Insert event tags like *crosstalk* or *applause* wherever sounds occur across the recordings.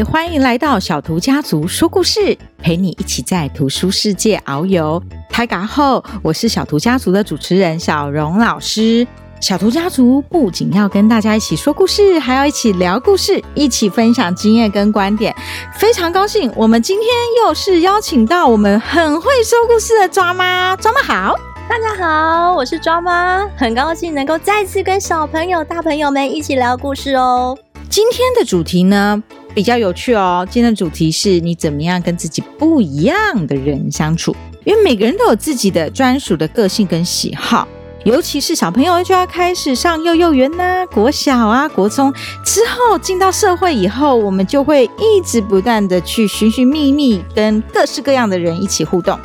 歡迎來到小圖家族說故事，陪你一起在圖書世界遨遊。嗨嘎後，我是小圖家族的主持人曉蓉老師。小圖家族不僅要跟大家一起說故事，還要一起聊故事，一起分享經驗跟觀點。非常高興，我們今天又是邀請到我們很會說故事的抓媽。抓媽好，大家好，我是抓媽，很高興能夠再次跟小朋友、大朋友們一起聊故事哦。今天的主題呢？比較有趣哦，今天的主題是你怎麼樣跟自己不一樣的人相處？因為每個人都有自己的專屬的個性跟喜好，尤其是小朋友就要開始上幼幼園啦、啊、國小啊、國中之後，進到社會以後，我們就會一直不斷的去尋尋覓覓，跟各式各樣的人一起互動。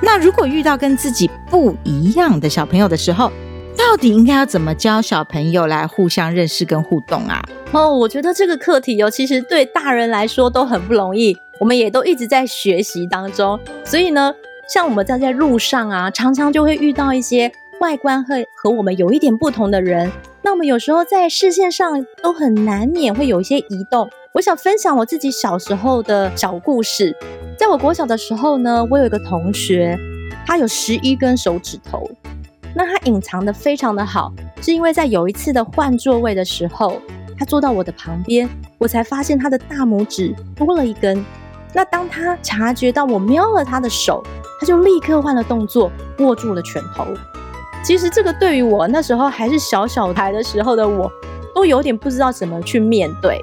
那如果遇到跟自己不一樣的小朋友的時候，到底應該要怎麼教小朋友來互相認識跟互動啊？哦、oh，我覺得這個課題尤其是對大人來說都很不容易，我們也都一直在學習當中。所以呢，像我們站在路上啊，常常就會遇到一些外觀會和，和我們有一點不同的人。那我們有時候在視線上都很難免會有一些移動。我想分享我自己小時候的小故事。在我國小的時候呢，我有一個同學，他有十一根手指頭。那他隱藏的非常的好，是因為在有一次的換座位的時候，他坐到我的旁邊，我才發現他的大拇指多了一根。那當他察覺到我瞄了他的手，他就立刻換了動作，握住了拳頭。其實這個對於我那時候還是小小孩的時候的我，都有點不知道怎麼去面對。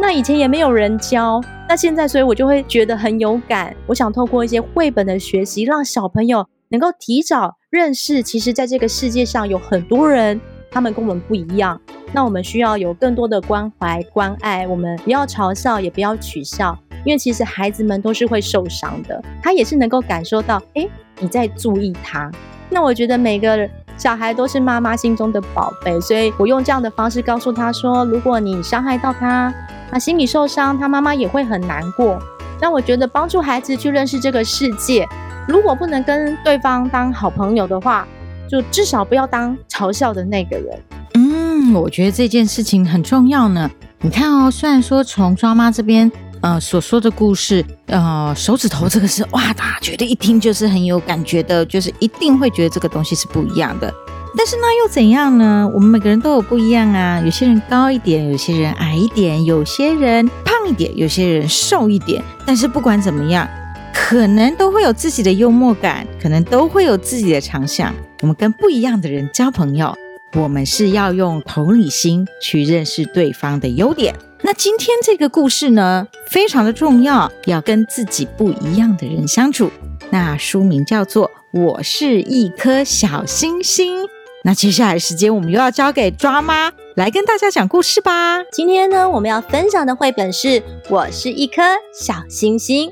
那以前也沒有人教，那現在所以我就會覺得很有感。我想透過一些繪本的學習，讓小朋友。能夠提早認識，其實，在這個世界上有很多人，他們跟我們不一樣。那我們需要有更多的關懷、關愛，我們不要嘲笑，也不要取笑，因為其實孩子們都是會受傷的。他也是能夠感受到，誒，你在注意他。那我覺得每個小孩都是媽媽心中的寶貝，所以我用這樣的方式告訴他說：如果你傷害到他，他心裡受傷，他媽媽也會很難過。那我覺得幫助孩子去認識這個世界，如果不能跟對方當好朋友的話，就至少不要當嘲笑的那個人。嗯，我覺得這件事情很重要呢。你看哦，雖然說從抓媽這邊呃所說的故事，呃手指頭這個是哇，大家覺得一聽就是很有感覺的，就是一定會覺得這個東西是不一樣的。但是那又怎樣呢？我們每個人都有不一樣啊。有些人高一點，有些人矮一點，有些人胖一點，有些人瘦一點。但是不管怎麼樣。可能都會有自己的幽默感，可能都會有自己的長項。我們跟不一樣的人交朋友，我們是要用同理心去認識對方的優點。那今天這個故事呢，非常的重要，要跟自己不一樣的人相處。那書名叫做《我是一顆小星星》。那接下來的時間，我們又要交給抓媽來跟大家講故事吧。今天呢，我們要分享的繪本是《我是一顆小星星》。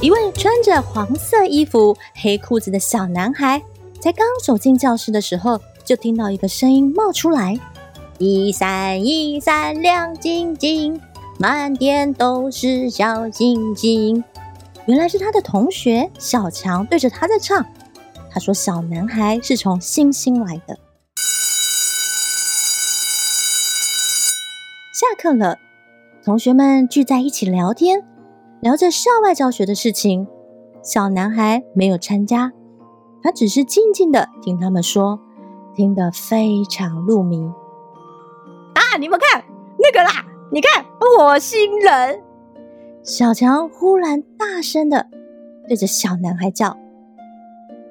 一位穿着黃色衣服、黑褲子的小男孩，才剛走進教室的時候，就聽到一個聲音冒出來：“一閃一閃亮晶晶，滿天都是小星星。”原來是他的同學小強對着他在唱。他說：“小男孩是從星星來的。”下課了，同學們聚在一起聊天。聊着校外教學的事情，小男孩沒有參加，他只是靜靜的聽他們說，聽得非常入迷。啊，你們看那個啦，你看火星人！小強忽然大聲的對着小男孩叫，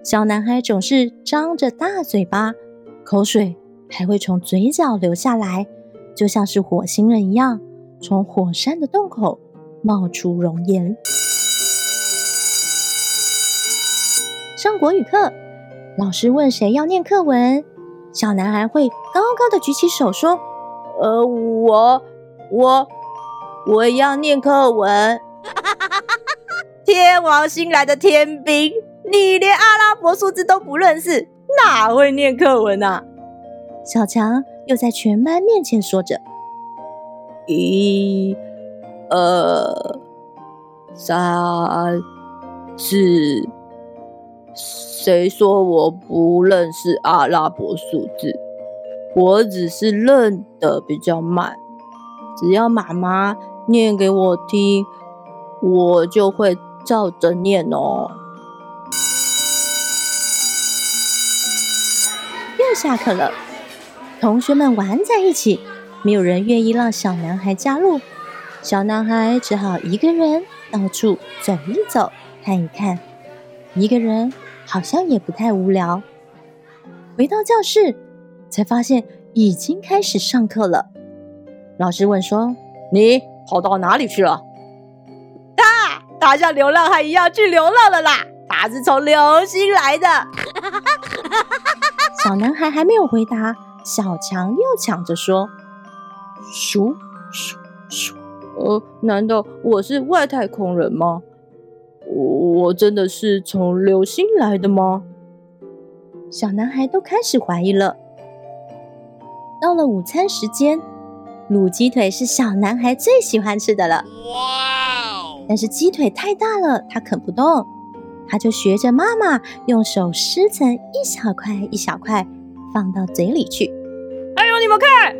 小男孩總是張着大嘴巴，口水還會從嘴角流下來，就像是火星人一樣，從火山的洞口，冒出熔岩。上國語課，老師問誰要念課文，小男孩會高高的舉起手說：“呃，我我我要念課文。 *laughs* ”天王新來的天兵，你連阿拉伯數字都不認識，哪會念課文啊？小強又在全班面前說着：“一。”呃，三、四，誰說我不認識阿拉伯數字？我只是認得比較慢，只要媽媽念給我聽，我就會照着念哦。又下課了，同學們玩在一起，沒有人願意讓小男孩加入。小男孩只好一個人到處走一走，看一看，一個人好像也不太無聊。回到教室，才發現已經開始上課了。老師問說：“你跑到哪裡去了？”他、啊、他像流浪漢一樣去流浪了啦！他是從流星來的。 *laughs* 小男孩還沒有回答，小強又搶着說：“咻咻咻。”呃，難道我是外太空人嗎？我我真的是從流星來的嗎？小男孩都開始懷疑了。到了午餐時間，滷雞腿是小男孩最喜歡吃的了。哇、Wow!！但是雞腿太大了，他啃不動，他就學着媽媽用手撕成一小塊一小塊，放到嘴裡去。哎呦，你們看，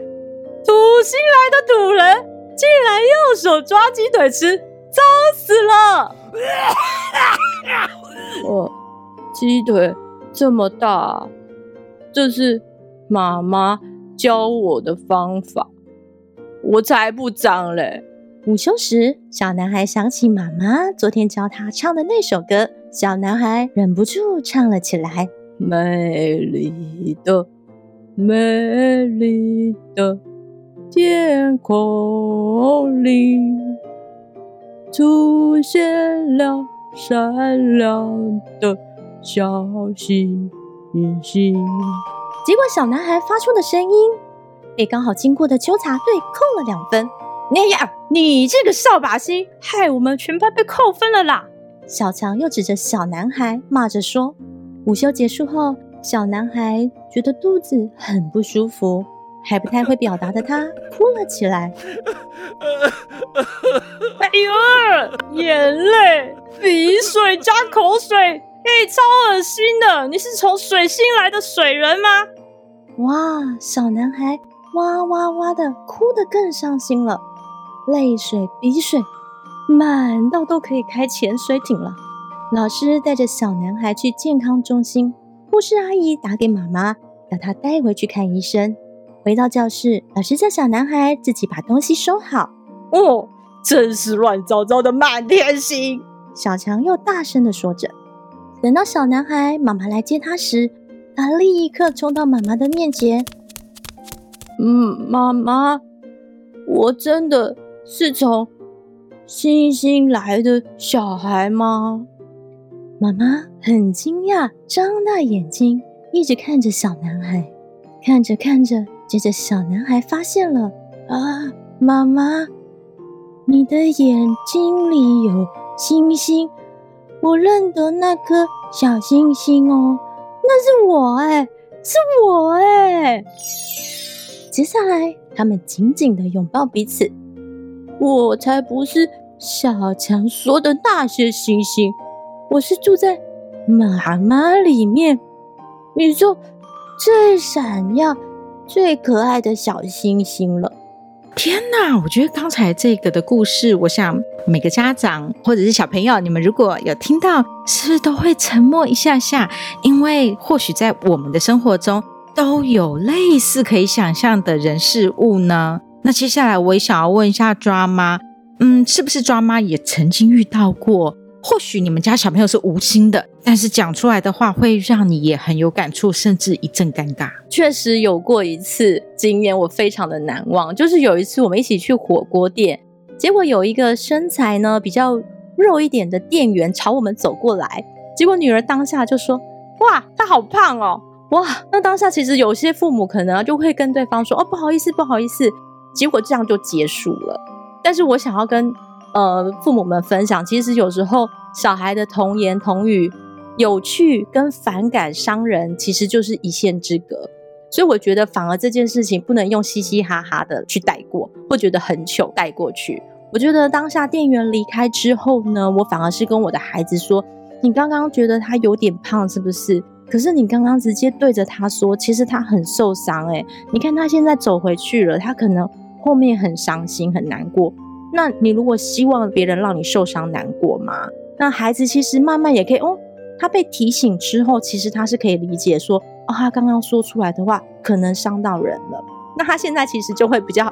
土星來的土人。竟然用手抓雞腿吃，髒死了！ *laughs* 哦，雞腿這麼大，這是媽媽教我的方法，我才不髒嘞！午休時，小男孩想起媽媽昨天教他唱的那首歌，小男孩忍不住唱了起來：美麗的，美麗的。天空裡出現了閃亮的小星星，結果小男孩發出的聲音被剛好經過的糾察隊扣了兩分。哎呀，你這個掃把星，害我們全班被扣分了啦！小強又指着小男孩罵着說：“午休結束後，小男孩覺得肚子很不舒服。”還不太會表達的他哭了起來，哎 *laughs* 呦，眼淚、鼻水加口水，哎，超噁心的！你是從水星來的水人嗎？哇，小男孩哇哇哇的哭得更傷心了，淚水、鼻水滿到都可以開潛水艇了。老師帶着小男孩去健康中心，護士阿姨打給媽媽，要他帶回去看醫生。回到教室，老師叫小男孩自己把東西收好。哦，真是亂糟糟的滿天星！小強又大聲的說着。等到小男孩媽媽來接他時，他立刻衝到媽媽的面前。嗯，媽媽，我真的是從星星來的小孩嗎？媽媽很驚訝，張大眼睛，一直看着小男孩，看着看着。接着，小男孩發現了啊，媽媽，你的眼睛裡有星星，我認得那顆小星星哦，那是我哎，是我哎。 *noise* 接下來，他們緊緊的擁抱彼此。我才不是小強說的那些星星，我是住在媽媽裡面，宇宙最閃耀。最可愛的小星星了！天哪，我覺得剛才這個的故事，我想每個家長或者是小朋友，你們如果有聽到，是不是都會沉默一下下？因為或許在我們的生活中，都有類似可以想象的人事物呢？那接下來我也想要問一下抓媽，嗯，是不是抓媽也曾經遇到過？或許你們家小朋友是無心的，但是講出來的話會讓你也很有感觸，甚至一陣尷尬。確實有過一次經驗，今年我非常的難忘。就是有一次我們一起去火鍋店，結果有一個身材呢比較肉一點的店員朝我們走過來，結果女兒當下就說：“哇，她好胖哦！”哇，那當下其實有些父母可能就會跟對方說：“哦，不好意思，不好意思。”結果這樣就結束了。但是我想要跟呃，父母們分享，其實有時候小孩的童言童語，有趣跟反感傷人，其實就是一線之隔。所以我覺得，反而這件事情不能用嘻嘻哈哈的去帶過，會覺得很糗帶過去。我覺得當下店員離開之後呢，我反而是跟我的孩子說：“你剛剛覺得他有點胖，是不是？可是你剛剛直接對着他說，其實他很受傷、欸，哎，你看他現在走回去了，他可能後面很傷心，很難過。”那你如果希望別人讓你受傷難過嗎？那孩子其實慢慢也可以哦。他被提醒之後，其實他是可以理解說，哦，他剛剛說出來的話可能傷到人了。那他現在其實就會比較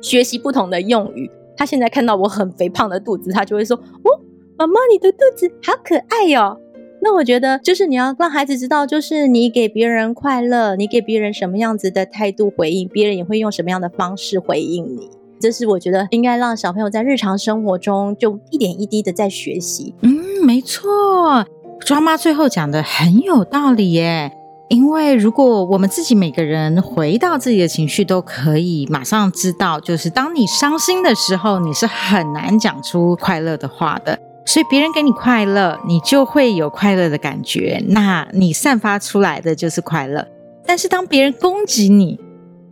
學習不同的用語。他現在看到我很肥胖的肚子，他就會說：“哦，媽媽，你的肚子好可愛喲。”那我覺得就是你要讓孩子知道，就是你給別人快樂，你給別人什麼樣子的態度回應，別人也會用什麼樣的方式回應你。這是我覺得應該讓小朋友在日常生活中就一點一滴的在學習。嗯，沒錯，抓媽最後講的很有道理耶。因為如果我們自己每個人回到自己的情緒，都可以馬上知道，就是當你傷心的時候，你是很難講出快樂的話的。所以別人給你快樂，你就會有快樂的感覺，那你散發出來的就是快樂。但是當別人攻擊你，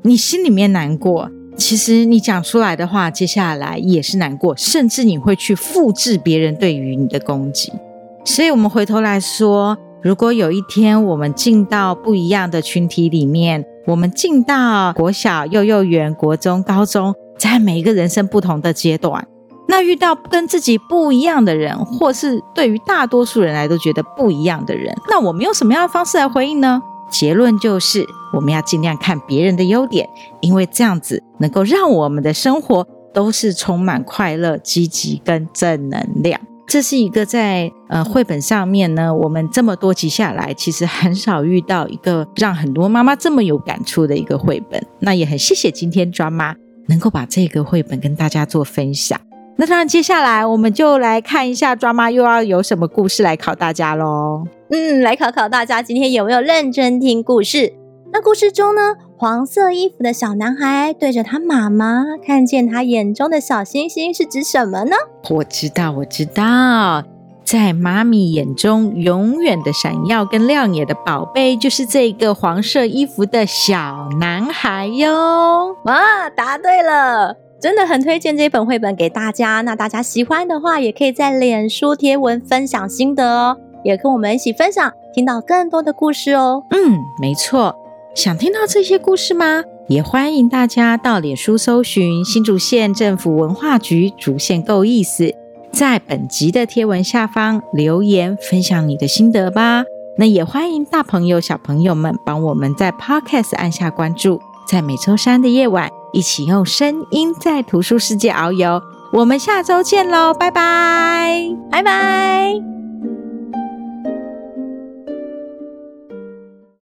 你心裡面難過。其實你講出來的話，接下來也是難過，甚至你會去複製別人對於你的攻擊。所以我們回頭來說，如果有一天我們進到不一樣的群體裡面，我們進到國小、幼幼園、國中、高中，在每一個人生不同的階段，那遇到跟自己不一樣的人，或是對於大多數人來都覺得不一樣的人，那我們用什麼樣的方式來回應呢？結論就是，我們要盡量看別人的優點，因為這樣子能夠讓我們的生活都是充滿快樂、積極跟正能量。這是一個在呃繪本上面呢，我們這麼多集下來，其實很少遇到一個讓很多媽媽這麼有感觸的一個繪本。那也很謝謝今天抓媽能夠把這個繪本跟大家做分享。那當然，接下來我們就來看一下抓媽又要有什麼故事來考大家嘍。嗯，來考考大家，今天有沒有認真聽故事？那故事中呢，黃色衣服的小男孩對着他媽媽，看見他眼中的小星星是指什麼呢？我知道，我知道，在媽咪眼中永遠的閃耀跟亮眼的寶貝，就是這個黃色衣服的小男孩喲。哇，答對了！真的很推薦這本繪本給大家。那大家喜歡的話，也可以在臉書貼文分享心得哦。也跟我們一起分享，聽到更多的故事哦。嗯，沒錯。想聽到這些故事嗎？也歡迎大家到臉書搜尋新竹縣政府文化局，竹縣夠意思，在本集的貼文下方留言分享你的心得吧。那也歡迎大朋友小朋友們幫我們在 Podcast 按下關注，在每周三的夜晚一起用聲音在圖書世界遨遊。我們下周見嘍，拜拜，拜拜。